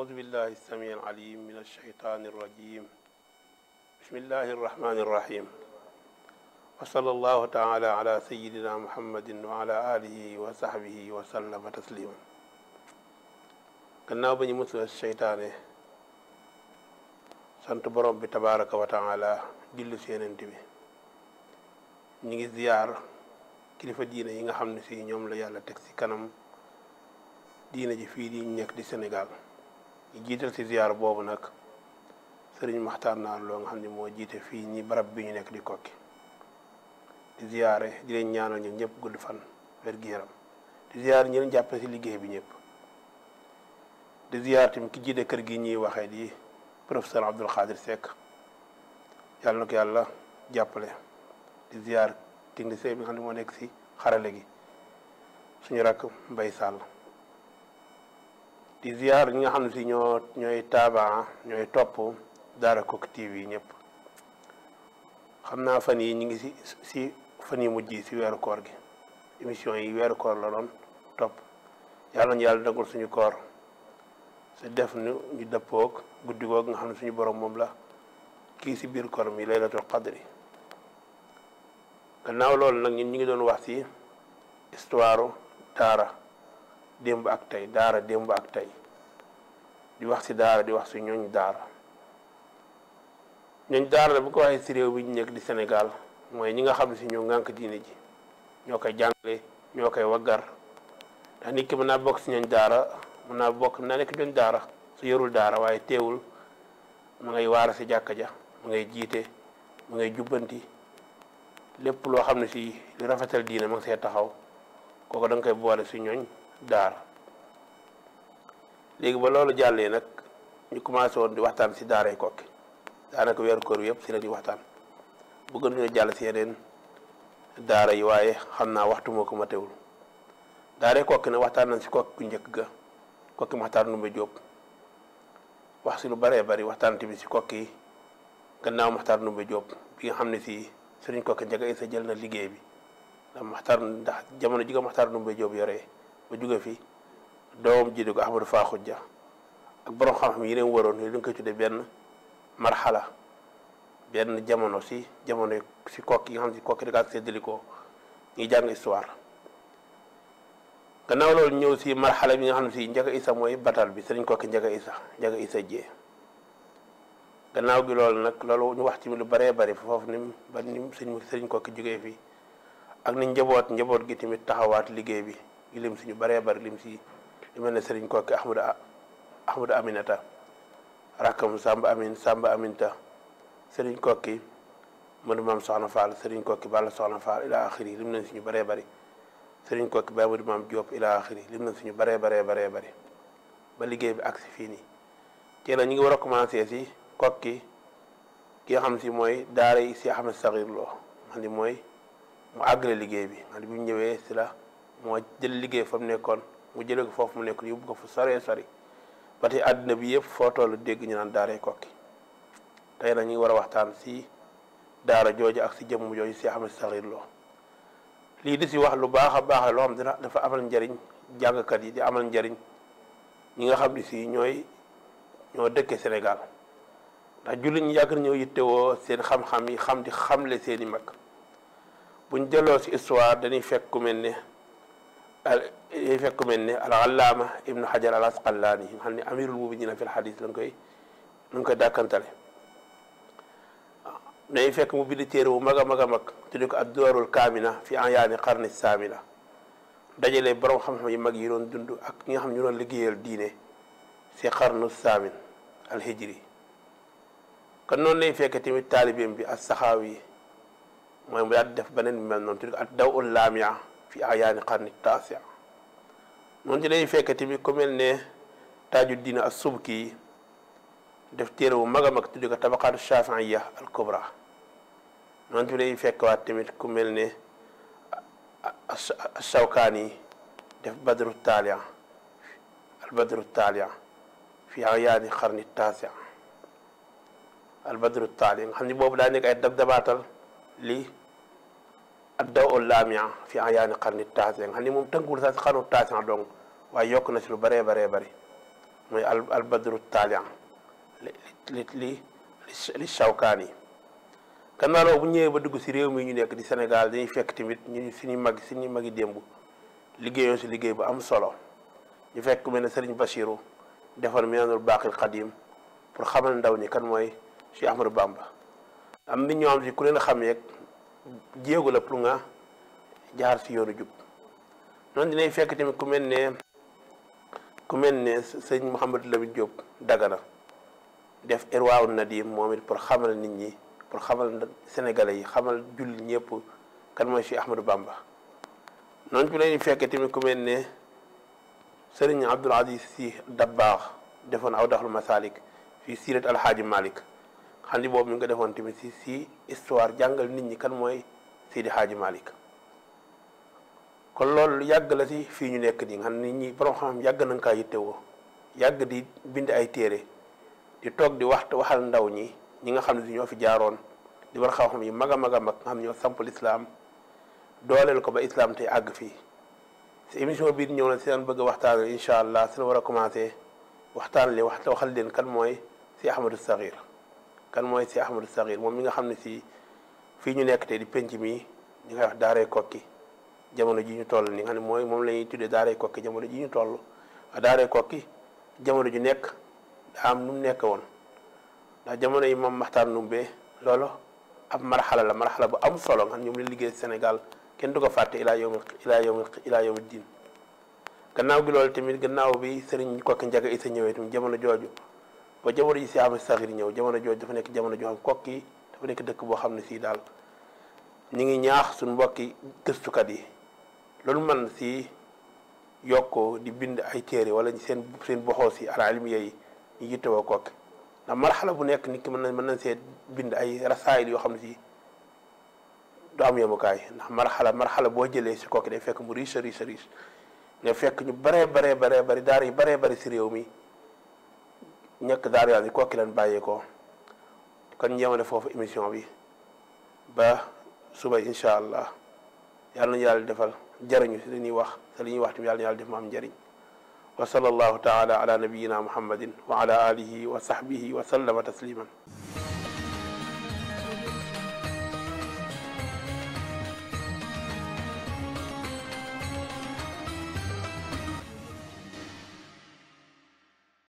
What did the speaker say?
أعوذ بالله السميع العليم من الشيطان الرجيم بسم الله الرحمن الرحيم وصلى الله تعالى على سيدنا محمد وعلى آله وصحبه وسلم تسليما ba ñu musal seytaane sant borom bi tabaraka wa taala julli seenante bi ñu ngi ziyaar kilifa diine yi nga xam si ñoom la yàlla teg ci kanam diine ji fii di nekk jiital ci ziar boobu nag sëriñ maxtaan Naan loo nga xam ne moo jiite fii ñii barab bi ñu nekk di kokki di ziare di leen ñaanal ñun ñëpp gudd fan wér yaram di ziar ñi jàppale ci liggéey bi ñëpp di ziar tamit ki jiite kër gi ñuy waxee di professeur Abdoul Khadir Seck yàlla na yàlla jàppale di ziar technicien bi nga xam ne moo nekk ci xarale gi suñu rakk Mbay Sall di ziar ñi nga xam ne si ñoo ñooy taabaa ñooy topp Daara Koki yi ñëpp xam naa fan yi ñu ngi si si fan yi mujj yi si weeru koor gi émission yi weeru koor la doon topp yàlla na yàlla nagul suñu koor su def nu ñu dëppoog guddi goog nga xam ne suñu borom moom la kii si biir koor mi laylatul qadri gannaaw loolu nag ñun ñu ngi doon wax si histoire daara démb ak tey daara démb ak tey di wax si daara di wax si ñooñ daara ñooñ daara la bu ko waxee ci réew bi ñu nekk di Sénégal mooy ñi nga xam ne ci ñoo ngànk diine ji ñoo koy jàngale ñoo koy waggar ndax nit ki mën naa bokk si ñooñ daara mën naa bokk mën naa nekk ñooñ daara su yorul daara waaye teewul mu ngay waara si jàkka ja mu ngay jiite mu ngay jubbanti lépp loo xam ne si rafetal diine ma ngi see taxaw kooku da nga koy boole si ñooñ daara léegi ba loolu jàllee nag ñu commencé woon di waxtaan si daaray Koki daanaka weeru koor yëpp si la ñuy waxtaan bëggoon nañoo jàll si yeneen daara yi waaye xam naa waxtu moo ko ma teewul daaray Koki nag waxtaan nañ si Koki ku njëkk ga Koki Maxtaar Ndumba Jóob wax si lu bëree bëri waxtaan tamit si Koki gannaaw Maxtaar Ndumba Jóob bi nga xam ne si sëriñ Koki Njaga Isa jël na liggéey bi ndax Maxtaar ndax jamono ji nga Maxtaar Ndumba Jóob yoree ba jóge fi doom ji di ko Ahmadou Fakhour Dia ak borom xam-xam yi leen waroon yooyu dañ koy tuddee benn marxala benn jamono si jamono si kokki yi nga xam si kokki daka ak seddalikoo jàng histoire gannaaw loolu ñëw si marxala bi nga xam ne si njaga isa mooy batal bi sëriñ kokki njaga isa njaga isa jee gannaaw gi loolu nag loolu ñu wax ci lu baree bari foofu ni ba ni sëriñ kokki jógee fii ak ni njaboot njaboot gi tamit taxawaat liggéey bi lim si ñu bëree bëri lim si li mel ne Serigne Koki Ahmadou Ahmadou Aminata rakkam Samba Amin Samba Aminta Serigne Koki mënu maam Soxna Fall Serigne Koki Balla Soxna Fall ila axiri lim nañ si ñu bëree bari Serigne Koki Baye Modou Maam Diop ila axiri lim nañ si ñu bëree bëree ba liggéey bi agsi fii nii tey la ñu ngi war a commencé si Koki ki nga xam si mooy daara yi si Ahmed Sakhir Lo nga mooy mu àggale liggéey bi nga xam ni ñëwee si la. moo jël liggéey fa mu nekkoon mu jëlee ko foofu mu nekk yóbbu ko fu soree sori ba tey àddina bi yëpp foo toll dégg ñu naan daaray kokki tey nag ñu war a waxtaan si daara jooju ak si jëmm jooju si Ahmed Sakhir lii di si wax lu baax a baax la loo dafa amal njariñ jàngkat yi di amal njariñ ñi nga xam ne si ñooy ñoo dëkkee Sénégal ndax jullit ñi yàgg nañoo yittewoo seen xam-xam yi xam di xamle seeni i mag buñ jëloo si histoire dañuy fekk ku mel ne. day eh, fekk mel ne al allaama ibnu hajar al asqallaani yi xam ne amirul muminina fil xadis lañ koy lañ koy dàkkantale day fekk mu bind téere bu mag a mag a mag tudde ko adduwarul kaamina fi ayaani qarni saamina dajale borom xam yu mag yi doon dund ak ñi nga xam ñu doon liggéeyal diine si qarnu saamin alhijri kon noonu lay fekk tamit taalibeem bi as saxaawi mooy mu daal di def beneen bi mel noonu tudde ko ad dawul laamia fi ayaani xarni taasi noonu ci dañuy fekk tamit ku mel ne taaju diina ak subki def téere bu mag a mag tudde ko tabaqaatu shafiiya al kubra noonu ci dañuy fekkwaat tamit ku mel ne shawkaani def badru taaliya al badru taaliya fi ayaani xarni taasi al badru taaliya nga xam ne boobu daa nekk ay dab dabaatal lii addaw ul laamia fi ayaani xarni taasi nga xam ni moom tënkul sax si xarnu taasi donc waaye yokk na si lu bëree bëree bëri mooy al al taalian li li li li Shawkaani yi gannaaw bu ñëwee ba dugg si réew mi ñu nekk di Sénégal dañuy fekk tamit ñu suñu mag suñu magi démb liggéeyoo si liggéey bu am solo ñu fekk mel ne Serigne Bachiru defar Minanul Baaqil Qadim pour xamal ndaw ni kan mooy Cheikh Ahmadou Bamba am na ñoo si ku leen xam yeeg. jéego la pour nga jaar ci yoonu jub noonu dinañ fekk tamit ku mel ne ku mel ne sëñ Mouhamadou Lamine Diop Dagana def irwaaw na di moom it pour xamal nit ñi pour xamal sénégalais yi xamal jullit ñëpp kan mooy Cheikh Ahmadou Bamba noonu bi lañuy fekkee tamit ku mel ne sëriñ Abdoul Aziz Sy Dabakh defoon aw daxlu masalik fii siirat alxaaji Malik xandi boobu mu nga ko defoon tamit si si histoire jàngal nit ñi kan mooy Seydi Hadji malik kon loolu yàgg la si fii ñu nekk nii nga xam ñi borom yàgg nañ kaa yittewoo yàgg di bind ay téere di toog di wax ndaw ñi ñi nga xam ne si fi jaaroon di war xam-xam yi mag a mag a mag nga xam ñoo sampul islaam dooleel ko ba islaam tey àgg fii si émission bii di ñëw la si leen bëgg waxtaan incha allah si la war a commencé waxtaan li wax waxal leen kan mooy si Ahmadou Sakhir kan mooy si Ahmadou Sakhir moom mi nga xam ne si fii ñu nekk tey di penc mi ñu koy wax daaree kokki jamono ji ñu toll ni nga xam ne mooy moom la ñuy tuddee daaree kokki jamono ji ñu toll daaree kokki jamono ju nekk daa am nu nekk woon ndax jamono yi moom Maxtaar Numbe loolu ab marxala la marxala bu am solo nga xam ñoom la liggéey Sénégal kenn du ko fàtte ilaa yawmi ilaa yawmi ilaa yawmi diin gannaaw gi loolu tamit gannaaw bi sëriñ kokki njaga isa ñëwee tamit jamono jooju ba jamono ji si am saxir ñëw jamono jooju dafa nekk jamono joo xam kokki dafa nekk dëkk boo xam ne sii daal ñu ngi ñaax suñu mbokki gëstukat yi loolu man si yokkoo di bind ay téere wala seen seen boxoo si al almiya yi ñu yittewoo kokki ndax marxala bu nekk nit ki mën na mën nañ seet bind ay rasaayil yoo xam ne si du am yemukaay ndax marxala marxala boo jëlee si kokki day fekk mu riche riche riche nga fekk ñu baree baree baree bari daara yu baree bari si réew mi ñàkk daaru yàlla yi kokki leen bàyyeekoo kon ñeemale foofu émission bi ba suba incha allah yàlla nañu yàlla defal jariñu si li ñuy wax te li ñuy wax tamit yàlla na yàlla def ma am njariñ wa sallallahu taala ala nabiyina muhammadin wa ala alihi wa sahbihi wa sallama tasliman